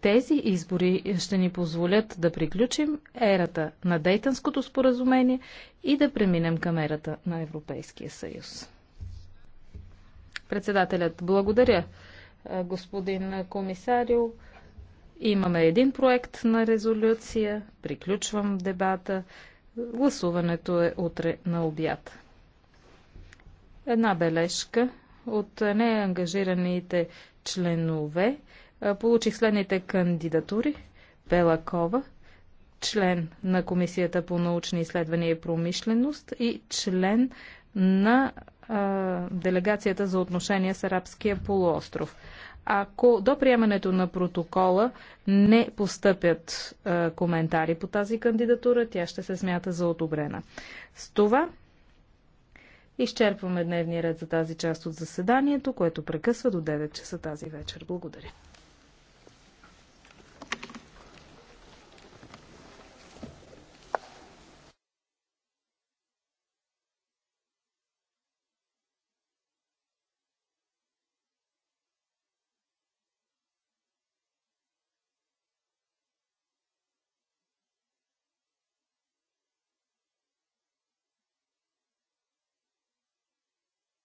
Тези избори ще ни позволят да приключим ерата на Дейтанското споразумение и да преминем към ерата на Европейския съюз. Председателят, благодаря. Е, господин комисарио, имаме един проект на резолюция. Приключвам дебата. Гласуването е утре на обяд. Една бележка от неангажираните членове е, получих следните кандидатури. Белакова, член на Комисията по научни изследвания и промишленост и член на а, делегацията за отношения с арабския полуостров. Ако до приемането на протокола не постъпят а, коментари по тази кандидатура, тя ще се смята за одобрена. С това изчерпваме дневния ред за тази част от заседанието, което прекъсва до 9 часа тази вечер. Благодаря.